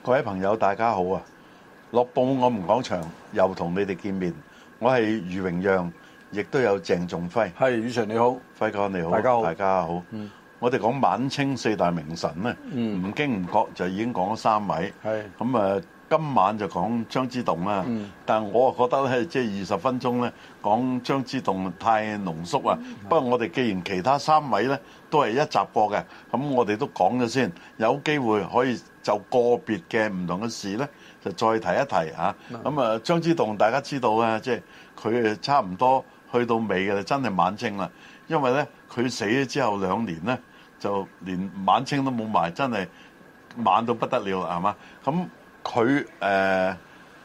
各位朋友，大家好啊！樂報我哋講場又同你哋見面，我係余榮讓，亦都有鄭仲輝。係，雨常你好，輝哥你好，大家好，大家好。嗯，我哋講晚清四大名臣咧，唔、嗯、經唔覺就已經講咗三位。係，咁啊，今晚就講張之洞啦、嗯。但係我啊覺得咧，即係二十分鐘咧，講張之洞太濃縮啊。不過我哋既然其他三位咧都係一集過嘅，咁我哋都講咗先講，有機會可以。就個別嘅唔同嘅事咧，就再提一提嚇、啊。咁、mm -hmm. 啊，張之洞大家知道嘅、啊，即係佢差唔多去到尾嘅啦，真係晚清啦。因為咧，佢死咗之後兩年咧，就連晚清都冇埋，真係晚到不得了，係嘛？咁佢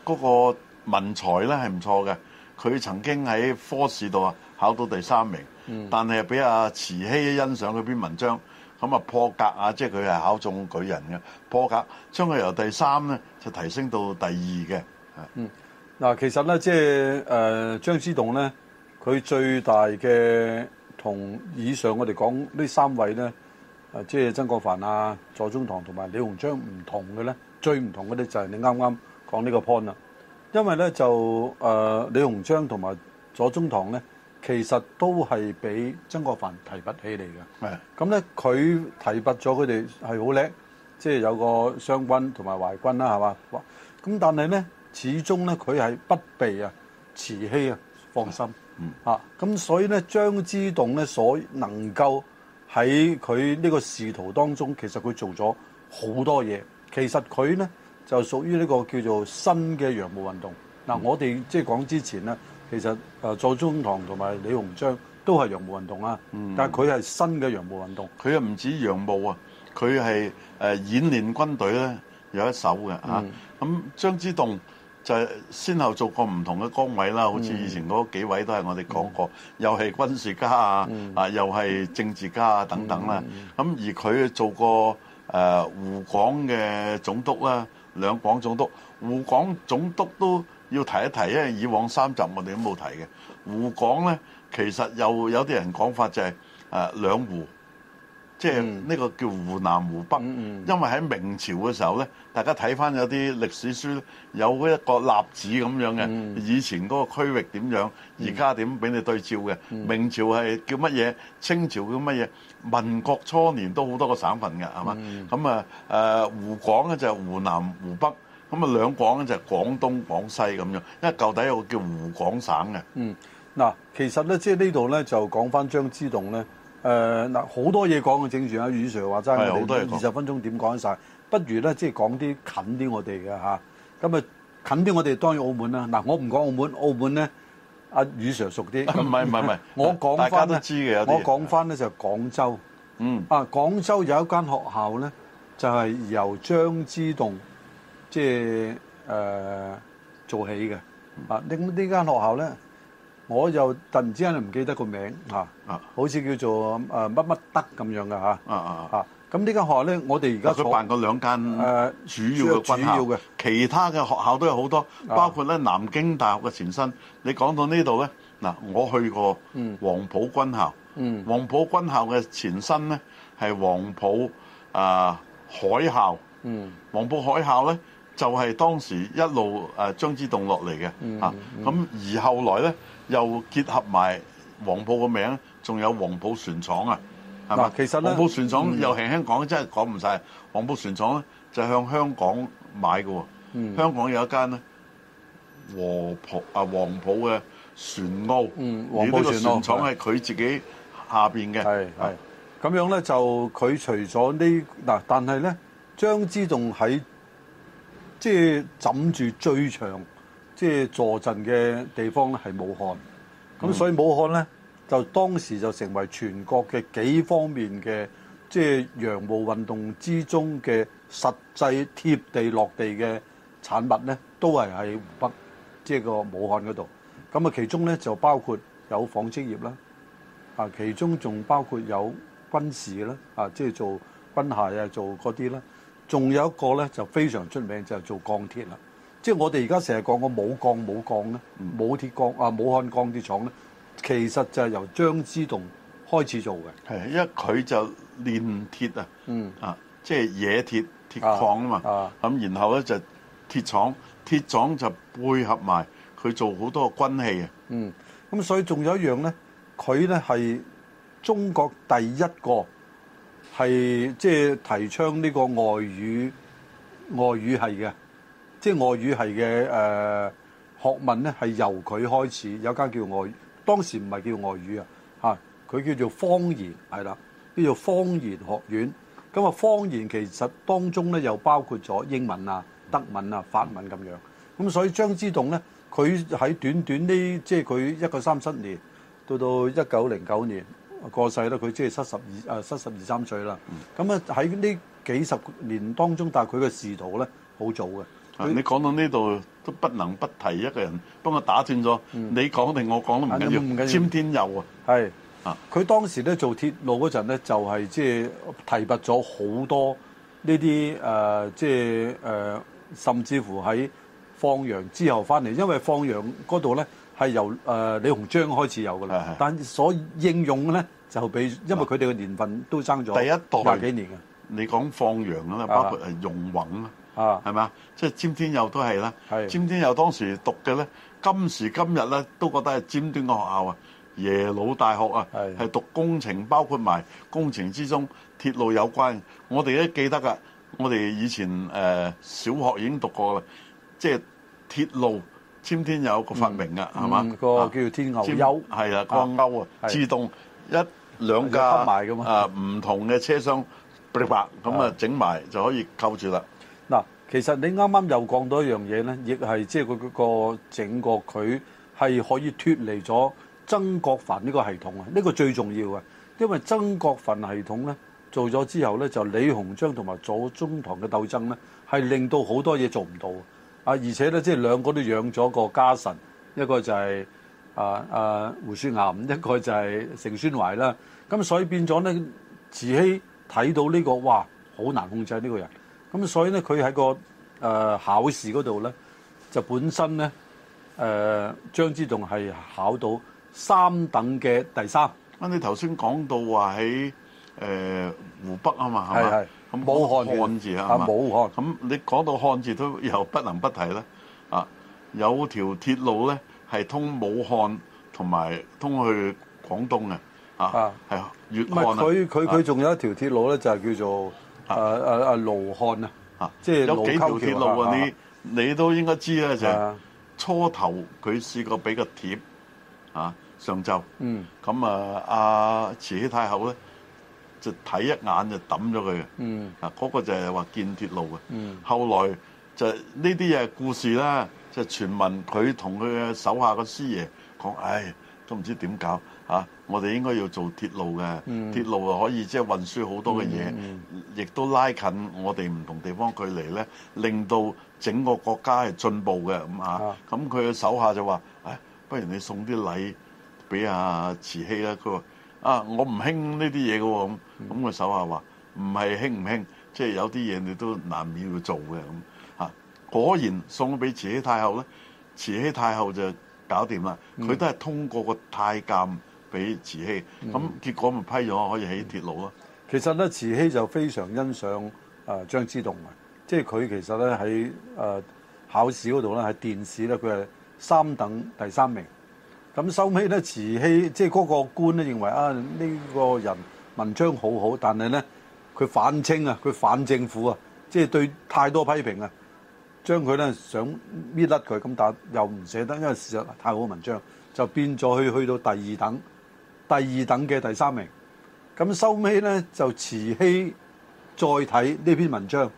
嗰個文才咧係唔錯嘅，佢曾經喺科試度啊考到第三名，mm -hmm. 但係俾阿慈禧欣賞佢篇文章。咁啊破格啊，即係佢係考中舉人嘅破格，將佢由第三咧就提升到第二嘅。嗯，嗱，其實咧即係誒、呃、張之洞咧，佢最大嘅同以上我哋講呢三位咧，啊，即係曾國藩啊、左宗棠同埋李鴻章唔同嘅咧，最唔同嗰啲就係你啱啱講呢個 point 啦。因為咧就誒、呃、李鴻章同埋左宗棠咧。其實都係俾曾國藩提拔起嚟嘅，咁咧佢提拔咗佢哋係好叻，即係有個湘軍同埋淮軍啦，係嘛？咁但係咧，始終咧佢係不被啊慈禧啊放心，咁所以咧張之洞咧所能夠喺佢呢個仕途當中，其實佢做咗好多嘢。其實佢咧就屬於呢個叫做新嘅洋務運動。嗱，我哋即係講之前咧。其實誒左宗棠同埋李鴻章都係洋務運動啊，但係佢係新嘅洋務運動，佢又唔止洋務啊，佢係誒演練軍隊咧有一手嘅嚇。咁張之洞就係先後做過唔同嘅崗位啦，好似以前嗰幾位都係我哋講過，又係軍事家啊，啊又係政治家啊等等啦。咁而佢做過誒湖廣嘅總督啦，兩廣總督，湖廣總督都。要提一提，因為以往三集我哋都冇提嘅。湖廣呢，其實又有啲人講法就係、是呃、兩湖，即係呢、嗯這個叫湖南湖北。嗯、因為喺明朝嘅時候呢，大家睇翻有啲歷史書，有一個立子咁樣嘅、嗯，以前嗰個區域點樣，而家點俾你對照嘅、嗯？明朝係叫乜嘢？清朝叫乜嘢？民國初年都好多個省份嘅，係、嗯、嘛？咁啊誒，湖廣呢就係湖南湖北。咁啊，兩廣咧就廣東廣西咁樣，因為舊底有個叫湖廣省嘅。嗯，嗱，其實咧，即係呢度咧就講翻張之洞咧。誒、呃，嗱，好多嘢講嘅，正如阿、啊、宇 Sir 話齋係好多嘢。二十分鐘點講晒？不如咧，即係講啲近啲我哋嘅吓。咁啊，近啲我哋當然澳門啦。嗱、啊啊，我唔講澳門，澳門咧，阿、啊、宇 Sir 熟啲。唔係唔係唔係， 我講翻嘅。都知我講翻咧就係、廣州。嗯。啊，廣州有一間學校咧，就係、是、由張之洞。即係誒、呃、做起嘅啊！呢呢間學校咧，我就突然之間唔記得個名嚇啊，啊！好似叫做誒乜乜德咁樣嘅嚇啊啊！咁、啊、呢、啊啊、間學校咧，我哋而家佢辦過兩間誒主要嘅軍校，啊、的其他嘅學校都有好多，包括咧、啊、南京大學嘅前身。你講到這裡呢度咧，嗱，我去過黃埔軍校，嗯嗯、黃埔軍校嘅前身咧係黃埔誒、呃、海校，嗯、黃埔海校咧。就係、是、當時一路誒張之洞落嚟嘅嚇，咁而後來咧又結合埋黃埔個名，仲有黃埔船廠啊，係嘛、啊？其實咧，黃埔船廠又輕輕講、嗯，真係講唔晒。黃埔船廠咧就向香港買嘅喎、嗯，香港有一間咧、啊、黃埔啊黃埔嘅船屋，而黃埔船廠係佢、嗯、自己下面嘅，係咁樣咧就佢除咗呢嗱，但係咧張之洞喺即係枕住最長，即係坐鎮嘅地方咧，係武漢。咁、mm. 所以武漢呢，就當時就成為全國嘅幾方面嘅，即係洋務運動之中嘅實際貼地落地嘅產物呢，都係喺湖北，即係個武漢嗰度。咁啊，其中呢，就包括有紡織業啦，啊，其中仲包括有軍事啦，啊，即係做軍械啊，做嗰啲啦。仲有一個咧，就非常出名，就係做鋼鐵啦。即係我哋而家成日講個武鋼、武鋼咧，武鐵鋼啊，武漢鋼鐵廠咧，其實就係由張之洞開始做嘅。係，因為佢就煉鐵、嗯、啊，係冶鐵，鐵啊，啊，即係冶鐵鐵礦啊嘛。咁然後咧就鐵廠，鐵廠就配合埋佢做好多嘅軍器啊。嗯，咁所以仲有一樣咧，佢咧係中國第一個。係即係提倡呢個外語，外語係嘅，即係外語係嘅誒學問咧，係由佢開始。有間叫外語，當時唔係叫外語啊，佢叫做方言係啦，叫做方言學院。咁啊，方言其實當中咧又包括咗英文啊、德文啊、法文咁樣。咁所以張之洞咧，佢喺短短呢即係佢一八三七年，到到一九零九年。過世啦！佢即係七十二啊，七十二三歲啦。咁啊喺呢幾十年當中，但係佢嘅仕途咧好早嘅。你講到呢度都不能不提一個人，幫我打斷咗、嗯、你講定、嗯、我講都唔緊要，詹天佑啊！係啊！佢當時咧做鐵路嗰陣咧，就係即係提拔咗好多呢啲誒，即係誒，甚至乎喺放洋之後返嚟，因為放洋嗰度咧。係由誒李鴻章開始有噶啦，但所應用咧就比因為佢哋嘅年份都爭咗，第一代百幾年嘅。你講放羊啦，包括誒容閎啦，係嘛？即係詹天佑都係啦。詹天佑當時讀嘅咧，今時今日咧都覺得係尖端嘅學校啊，耶魯大學啊，係讀工程，包括埋工程之中鐵路有關。我哋都記得㗎，我哋以前誒小學已經讀過啦，即係鐵路。詹天佑有個發明啊，係嘛？個叫做天佑鈎，係啊，鋼鈎啊，自動一兩架誒唔同嘅車廂，白咁啊，整埋就可以扣住啦。嗱，其實你啱啱又講到一樣嘢咧，亦係即係佢嗰個整個佢係可以脱離咗曾國藩呢個系統啊！呢個最重要啊，因為曾國藩系統咧做咗之後咧，就李鴻章同埋左宗棠嘅鬥爭咧，係令到好多嘢做唔到。啊！而且咧，即係兩個都養咗個家臣，一個就係啊啊，胡雪岩，一個就係盛宣懷啦。咁所以變咗咧，慈禧睇到呢、呢個，哇，好難控制呢個人。咁所以咧，佢喺個誒考試嗰度咧，就本身咧誒、呃、張之洞係考到三等嘅第三。啊！你頭先講到話喺誒湖北啊嘛，係嘛？係係武漢、那個、漢字啊嘛，武漢。咁你講到漢字都又不能不提咧、啊。有條鐵路呢，係通武漢同埋通去廣東嘅、啊啊。係粵漢，唔係佢佢佢仲有一條鐵路呢，就係叫做誒誒誒盧漢啊。嚇、啊啊啊啊，即係有幾條鐵路啊？啊你你都應該知啦，就係初頭佢試過俾個貼、啊，上晝。咁、嗯、啊，阿慈禧太后呢。就睇一眼就抌咗佢嘅，嗱、啊、嗰、那個就係話建鐵路嘅。後來就呢啲嘢故事啦，就傳聞佢同佢嘅手下嘅師爺講：唉、哎，都唔知點搞嚇，我哋應該要做鐵路嘅、嗯，鐵路啊可以即係運輸好多嘅嘢，亦、嗯嗯嗯、都拉近我哋唔同地方距離咧，令到整個國家係進步嘅咁嚇。咁佢嘅手下就話：唉、哎，不如你送啲禮俾阿慈禧啦。佢話。啊！我唔興呢啲嘢嘅咁，咁佢手下話唔係興唔興，即係有啲嘢你都難免要做嘅咁、啊。果然送咗俾慈禧太后咧，慈禧太后就搞掂啦。佢、嗯、都係通過個太監俾慈禧，咁、嗯、結果咪批咗可以起鐵路咯、嗯嗯。其實咧，慈禧就非常欣賞張之洞嘅，即係佢其實咧喺考試嗰度咧喺殿試咧，佢係三等第三名。咁收尾咧，慈禧即係嗰個官咧，認為啊，呢個人文章好好，但係咧，佢反清啊，佢反政府啊，即係對太多批評啊，將佢咧想搣甩佢咁，但又唔捨得，因為事實太好文章，就變咗去去到第二等，第二等嘅第三名。咁收尾咧，就慈禧再睇呢篇文章，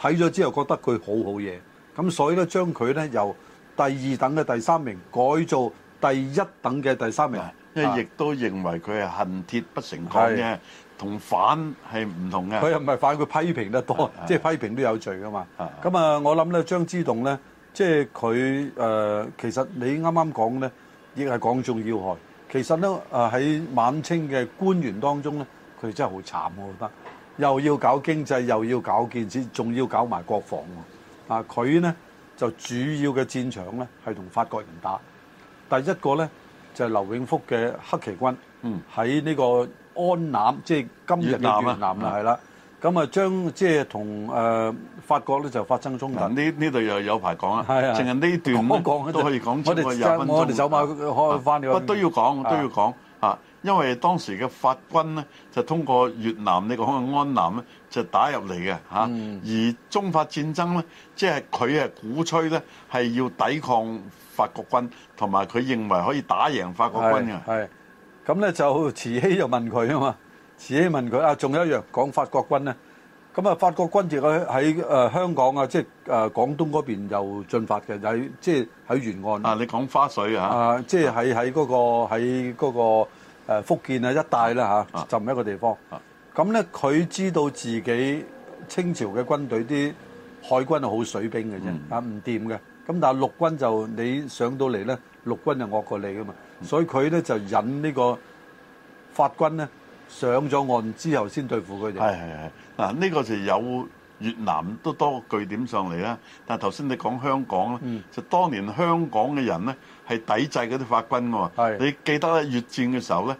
睇咗之後覺得佢好好嘢，咁所以咧將佢咧由第二等嘅第三名改做，第一等嘅第三名，因為亦都認為佢係恨鐵不成鋼嘅，反同反係唔同嘅。佢又唔係反，佢批評得多，即係、就是、批評都有罪噶嘛。咁啊，我諗咧，張之洞咧，即係佢、呃、其實你啱啱講咧，亦係講中要害。其實咧，喺、呃、晚清嘅官員當中咧，佢真係好慘，我覺得又要搞經濟，又要搞建設，仲要搞埋國防喎。啊，佢、呃、咧就主要嘅戰場咧係同法國人打。第一個咧就係、是、劉永福嘅黑旗軍，喺呢個安南，嗯、即係今日嘅越南啦，係啦。咁啊，嗯嗯、將即係同誒法國咧就發生衝突。呢呢度又有排講啊，剩係呢段咧都可以講足個廿分鐘。我哋走埋開翻你，我，我、啊啊、都要講，都要講啊，啊，因為當時嘅法軍咧就通過越南，你講嘅安南咧就打入嚟嘅嚇，而中法戰爭咧即係佢係鼓吹咧係要抵抗。法國軍同埋佢認為可以打贏法國軍嘅，咁咧就慈禧就問佢啊嘛。慈禧問佢啊，仲有一樣講法國軍咧。咁啊，法國軍直去喺誒香港啊，即係誒廣東嗰邊又進發嘅，就喺即係喺沿岸。啊，你講花水啊？啊，即係喺喺嗰個喺嗰個誒福建啊一帶啦嚇，就係一個地方。咁咧，佢知道自己清朝嘅軍隊啲海軍係好水兵嘅啫，啊，唔掂嘅。咁但係陸軍就你上到嚟咧，陸軍就惡過你噶嘛，所以佢咧就引呢個法軍咧上咗岸之後先對付佢哋。係係係，嗱呢個就有越南都多個據點上嚟啦。但係頭先你講香港咧，就當年香港嘅人咧係抵制嗰啲法軍㗎喎。係你記得咧越戰嘅時候咧，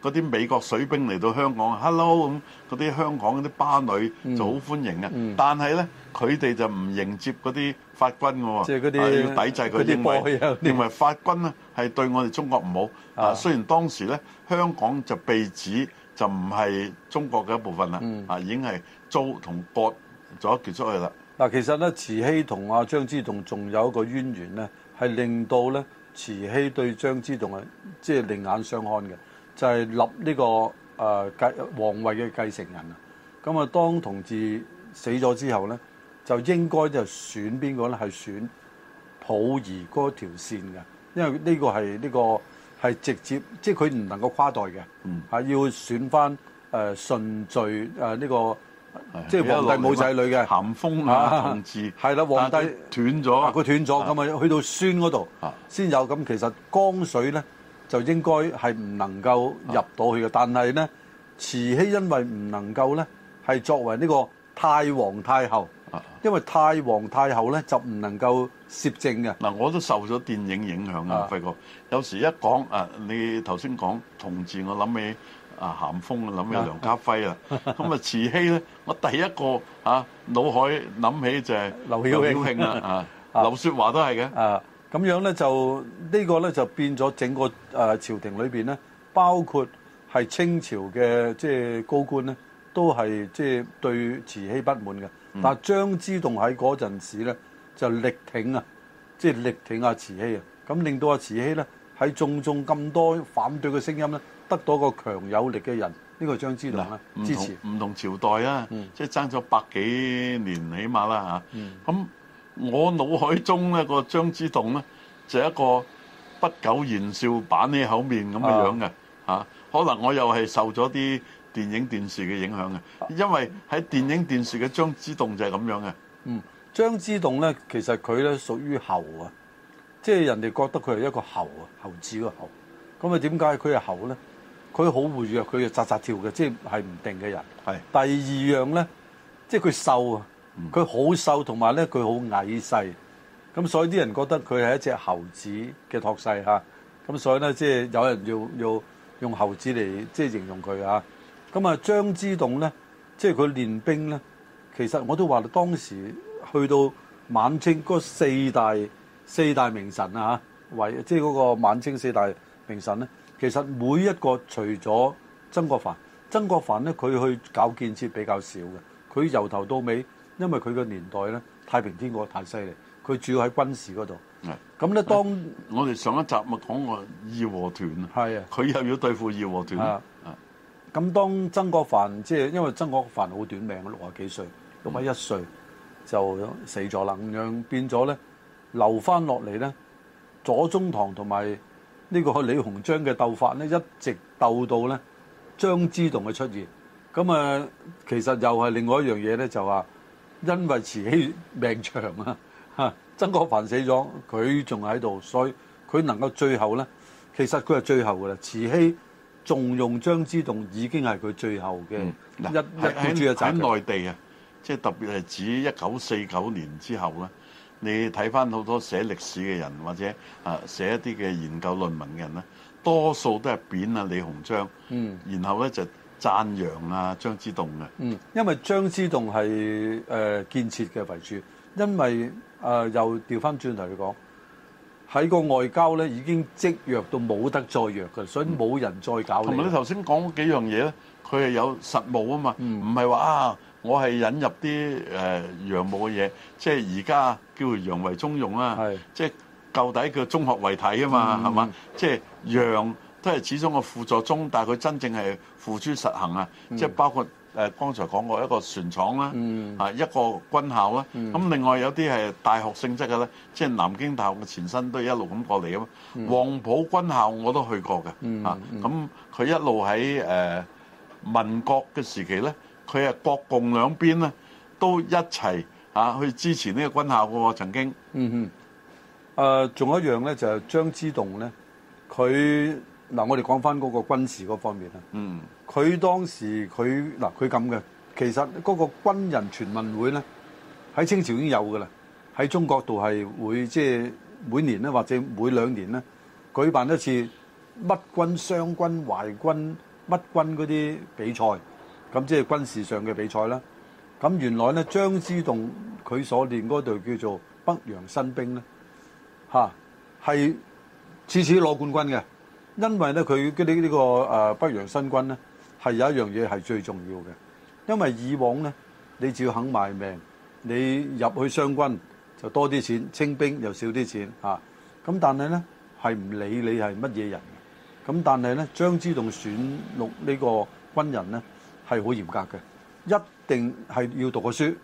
嗰啲美國水兵嚟到香港，hello 咁，嗰啲香港嗰啲巴女就好歡迎呀。但係咧佢哋就唔迎接嗰啲，法軍嘅喎，啊、就是、要抵制佢啲，認為法軍呢，係對我哋中國唔好。啊，雖然當時咧、啊、香港就被指就唔係中國嘅一部分啦，啊、嗯、已經係租同割咗結出去啦。嗱，其實咧慈禧同阿張之洞仲有一個淵源咧，係令到咧慈禧對張之洞係即係另眼相看嘅，就係、是、立呢個誒繼皇位嘅繼承人啊。咁啊，當同治死咗之後咧。就應該就選邊個咧？係選溥儀嗰條線嘅，因為呢個係呢、呢個係直接，即係佢唔能夠跨代嘅，係、嗯啊、要選翻誒、呃、順序誒呢個，即係皇帝冇仔女嘅咸豐啊，係啦，皇帝斷咗，佢斷咗咁啊，啊，啊，去到孫嗰度先有。咁、啊、其實江水咧就應該係唔能夠入到去嘅，但係咧慈禧因為唔能夠咧係作為呢個太皇太后。啊！因為太皇太后咧就唔能夠攝政嘅。嗱，我都受咗電影影響啊！輝哥有時一講啊，你頭先講同治，我諗起啊咸豐，諗起梁家輝啦。咁啊慈禧咧，我第一個啊腦海諗起就係劉曉慶啦，啊劉雪華都係嘅。啊，咁樣咧就呢個咧就變咗整個誒朝廷裏邊咧，包括係清朝嘅即係高官咧，都係即係對慈禧不滿嘅。嗯、但係張之洞喺嗰陣時咧，就力挺啊，即、就、係、是、力挺阿慈禧啊，咁令到阿慈禧咧喺眾眾咁多反對嘅聲音咧，得到個強有力嘅人，呢、這個張之洞咧支持。唔同，同朝代啊、嗯，即係爭咗百幾年起碼啦吓。咁我腦海中咧個張之洞咧，就一個不苟言笑、板起口面咁嘅樣嘅、啊、可能我又係受咗啲。電影電視嘅影響嘅，因為喺電影電視嘅張之洞就係咁樣嘅。嗯，張之洞咧，其實佢咧屬於猴啊，即係人哋覺得佢係一個猴啊，猴子個猴。咁啊，點解佢係猴咧？佢好活躍，佢又紮扎跳嘅，即係係唔定嘅人。係。第二樣咧，即係佢瘦啊，佢好瘦，同埋咧佢好矮細，咁所以啲人覺得佢係一隻猴子嘅託世吓，咁所以咧即係有人要要用猴子嚟即係形容佢啊。咁啊，張之洞咧，即係佢練兵咧，其實我都話當時去到晚清嗰四大四大名臣啊，即係嗰個晚清四大名臣咧，其實每一個除咗曾國藩，曾國藩咧，佢去搞建設比較少嘅，佢由頭到尾，因為佢個年代咧，太平天國太犀利，佢主要喺軍事嗰度。咁咧，當我哋上一集咪講過義和團，係啊，佢又要對付義和團。咁當曾國藩即係因為曾國藩好短命，六啊幾歲，六啊一歲就死咗啦。咁樣變咗咧，留返落嚟呢，左宗棠同埋呢個李鴻章嘅鬥法咧，一直鬥到咧張之洞嘅出現。咁啊，其實又係另外一樣嘢咧，就話因為慈禧命長啊，曾國藩死咗，佢仲喺度，所以佢能夠最後咧，其實佢係最後噶啦，慈禧。重用張之洞已經係佢最後嘅一喺、嗯、內地啊，即係特別係指一九四九年之後咧，你睇翻好多寫歷史嘅人或者啊寫一啲嘅研究論文嘅人咧，多數都係貶啊李鴻章，嗯，然後咧就讚揚啊張之洞嘅，嗯，因為張之洞係誒建設嘅為主，因為啊、呃、又調翻轉頭去講。喺個外交咧已經積弱到冇得再弱嘅，所以冇人再搞。同埋你頭先講幾樣嘢咧，佢係有實務啊嘛，唔係話啊，我係引入啲誒洋務嘅嘢，即係而家叫洋為中用啦、啊，嗯、即係舊底叫中學為體啊嘛，係、嗯、嘛？即係洋都係始終個輔助中，但係佢真正係付諸實行啊，嗯、即係包括。誒，剛才講過一個船廠啦，啊、嗯，一個軍校啦，咁、嗯、另外有啲係大學性質嘅咧，即係南京大學嘅前身都一路咁過嚟嘛，黃埔軍校我都去過嘅、嗯嗯，啊，咁佢一路喺、呃、民國嘅時期咧，佢係國共兩邊咧都一齊、啊、去支持呢個軍校喎，曾經。嗯嗯誒，仲、呃、有一樣咧，就係、是、張之洞咧，佢嗱，我哋講翻嗰個軍事嗰方面嗯。佢當時佢嗱佢咁嘅，其實嗰個軍人全民會咧，喺清朝已經有嘅啦，喺中國度係會即係每年咧或者每兩年咧舉辦一次乜軍雙軍淮軍乜軍嗰啲比賽，咁即係軍事上嘅比賽啦。咁原來咧張之洞佢所練嗰隊叫做北洋新兵咧，嚇係次次攞冠軍嘅，因為咧佢嗰啲呢個誒北洋新軍咧。係有一樣嘢係最重要嘅，因為以往呢，你只要肯賣命，你入去湘軍就多啲錢，清兵又少啲錢啊。咁但係呢，係唔理你係乜嘢人。咁但係呢，張之洞選錄呢個軍人呢，係好嚴格嘅，一定係要讀過書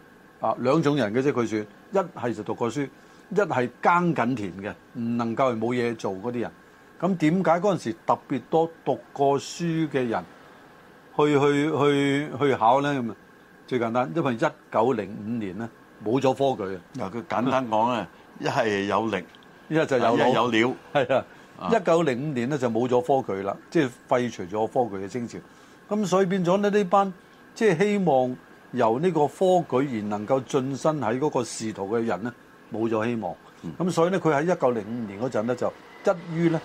啊。兩種人嘅啫，佢選一係就讀過書，一係耕緊田嘅，唔能夠係冇嘢做嗰啲人。咁點解嗰陣時特別多讀過書嘅人？去去去去考咧咁啊，最簡單，因為一九零五年咧冇咗科舉 啊。嗱，佢簡單講咧，一係有力，一係就有料，有料係啊。一九零五年咧就冇咗科舉啦，即係廢除咗科舉嘅清朝。咁所以變咗咧呢這班即係、就是、希望由呢個科舉而能夠進身喺嗰個仕途嘅人咧，冇咗希望。咁、嗯、所以咧，佢喺一九零五年嗰陣咧就一於咧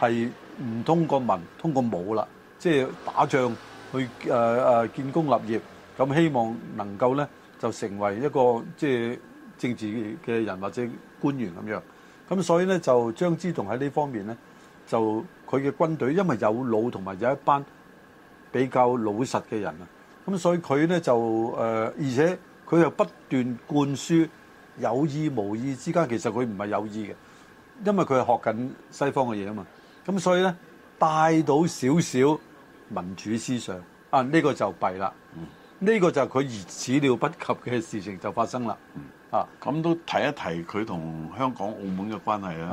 係唔通過文，通過武啦，即係打仗。去誒誒建功立業，咁希望能夠咧就成為一個即係政治嘅人或者官員咁樣。咁所以咧就張之洞喺呢方面咧就佢嘅軍隊，因為有腦同埋有一班比較老實嘅人啊。咁所以佢咧就誒，而且佢又不斷灌輸有意無意之間，其實佢唔係有意嘅，因為佢係學緊西方嘅嘢啊嘛。咁所以咧帶到少少。民主思想啊，呢、這個就弊啦。呢、嗯這個就佢始料不及嘅事情就發生啦、嗯。啊，咁都提一提佢同香港、澳門嘅關係啦。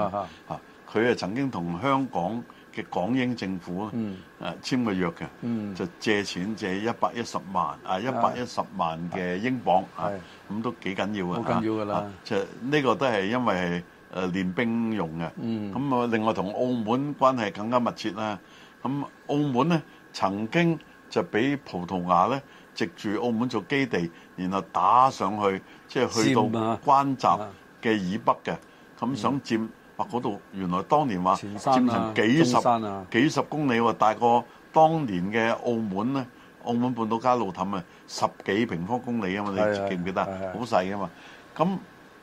啊，佢、嗯、啊曾經同香港嘅港英政府啊、嗯、簽過約嘅、嗯，就借錢借一百一十萬啊，一百一十萬嘅英鎊，咁、啊啊、都幾緊要嘅。好緊要嘅啦，就、啊、呢、啊、個都係因為誒練兵用嘅。咁、嗯、啊，另外同澳門關係更加密切啦、啊。咁澳門咧。曾經就俾葡萄牙咧，藉住澳門做基地，然後打上去，即係去到關閘嘅以北嘅咁、啊、想佔、嗯、啊嗰度。原來當年話佔成幾十、啊啊、幾十公里喎，大過當年嘅澳門咧，澳門半島加路氹啊，十幾平方公里嘛啊嘛，你記唔記得？好細啊嘛。咁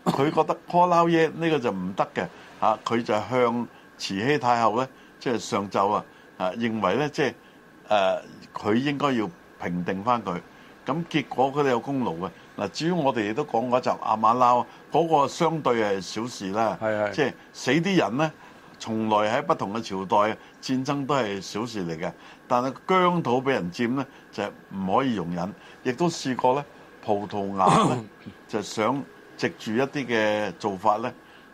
佢覺得葡撈嘢呢個就唔得嘅嚇，佢、啊啊啊、 就向慈禧太后咧，即係上奏啊啊，認為咧即係。誒、呃，佢應該要平定翻佢，咁結果佢哋有功勞嘅嗱。至於我哋亦都講過就是、阿馬騮嗰個相對係小事啦，是是即係死啲人呢，從來喺不同嘅朝代戰爭都係小事嚟嘅，但係疆土俾人佔呢，就唔、是、可以容忍，亦都試過呢，葡萄牙咧 就想藉住一啲嘅做法呢，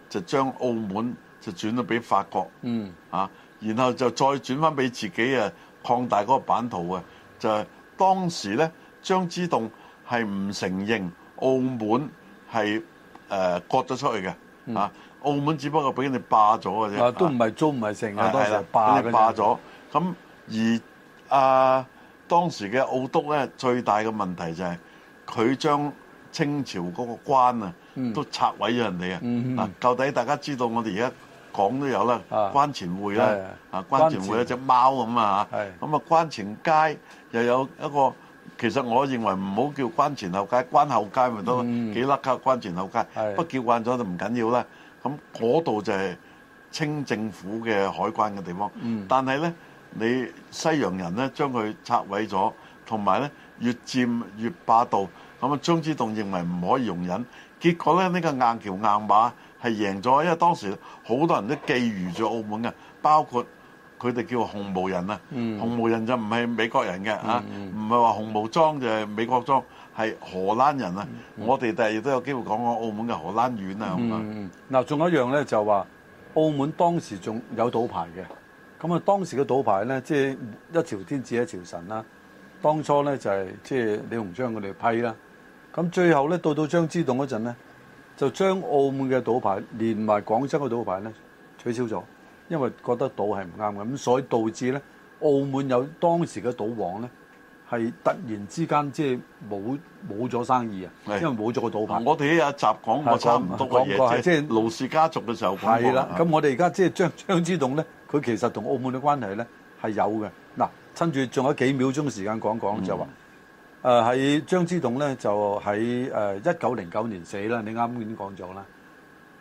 就將澳門就轉咗俾法國，嗯啊，然後就再轉翻俾自己啊。擴大嗰個版圖嘅，就係、是、當時咧，張之洞係唔承認澳門係誒、呃、割咗出去嘅、嗯，啊，澳門只不過俾人哋霸咗嘅啫，都唔係租唔係剩啊，都係霸霸咗，咁而啊，當時嘅、啊啊、澳督咧，最大嘅問題就係佢將清朝嗰個關啊，都拆毀咗人哋啊、嗯嗯嗯，啊，到底大家知道我哋而家？講都有啦，關前會啦，啊關前會有隻貓咁啊嚇，咁啊關前街又有一個，其實我認為唔好叫關前後街，關後街咪都，幾甩卡關前後街，不叫慣咗就唔緊要啦。咁嗰度就係清政府嘅海關嘅地方，但係咧你西洋人咧將佢拆毀咗，同埋咧越佔越霸道，咁啊張之洞認為唔可以容忍，結果咧呢個硬橋硬馬。係贏咗，因為當時好多人都覬覦住澳門嘅，包括佢哋叫紅毛人啊、嗯，紅毛人就唔係美國人嘅嚇，唔係話紅毛莊就係、是、美國莊，係荷蘭人啊、嗯。我哋第日亦都有機會講講澳門嘅荷蘭院啊咁啊。嗱、嗯，仲有一樣咧就話澳門當時仲有賭牌嘅，咁啊當時嘅賭牌咧，即、就、係、是、一朝天子一朝臣啦。當初咧就係即係李鴻章佢哋批啦，咁最後咧到到張之洞嗰陣咧。就將澳門嘅賭牌連埋廣州嘅賭牌咧取消咗，因為覺得賭係唔啱嘅，咁所以導致咧澳門有當時嘅賭王咧係突然之間即係冇冇咗生意啊，因為冇咗個賭牌。我哋一集講，我講唔多嘢，即係盧氏家族嘅時候係啦，咁、嗯嗯、我哋而家即係張張之洞咧，佢其實同澳門嘅關係咧係有嘅。嗱、啊，趁住仲有幾秒鐘嘅時間講講就話。嗯誒喺張之洞咧就喺誒一九零九年死啦，你啱啱講咗啦。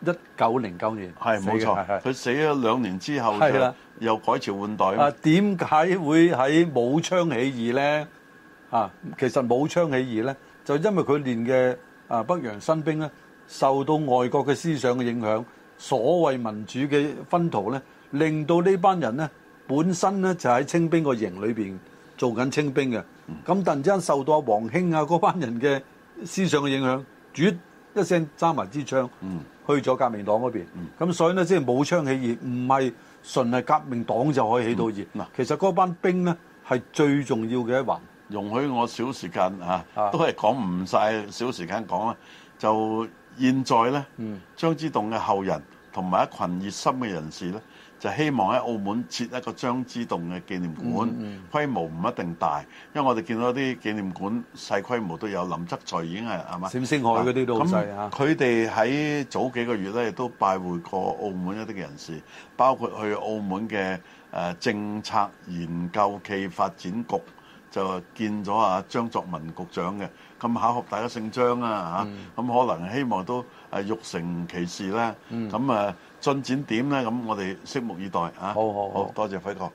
一九零九年，係，冇錯，佢死咗兩年之後，係啦，又改朝換代。啊，點解會喺武昌起義咧？嚇，其實武昌起義咧，就因為佢練嘅啊北洋新兵咧，受到外國嘅思想嘅影響，所謂民主嘅分途咧，令到呢班人咧本身咧就喺清兵個營裏邊。做緊清兵嘅，咁突然之間受到阿黃興啊嗰班人嘅思想嘅影響，主一,一聲揸埋支槍，去咗革命黨嗰邊。咁、嗯嗯、所以呢，即係武昌起義，唔係純係革命黨就可以起到熱。嗱、嗯嗯，其實嗰班兵呢係最重要嘅一環。容許我少時間啊，都係講唔晒少時間講啦。就現在咧，張、嗯、之洞嘅後人同埋一群熱心嘅人士呢。就希望喺澳門設一個張之洞嘅紀念館，嗯嗯、規模唔一定大，因為我哋見到啲紀念館細規模都有。林則徐已經係係嘛？冼星，星海嗰啲都制嚇。佢哋喺早幾個月咧，亦都拜會過澳門一啲嘅人士，包括去澳門嘅誒、呃、政策研究暨發展局，就見咗阿、啊、張作文局長嘅。咁巧合，大家姓張啊嚇，咁、啊嗯啊、可能希望都誒玉、啊、成其事啦。咁、嗯、啊～啊進展點呢？咁我哋拭目以待啊。好好好，好，多謝輝哥。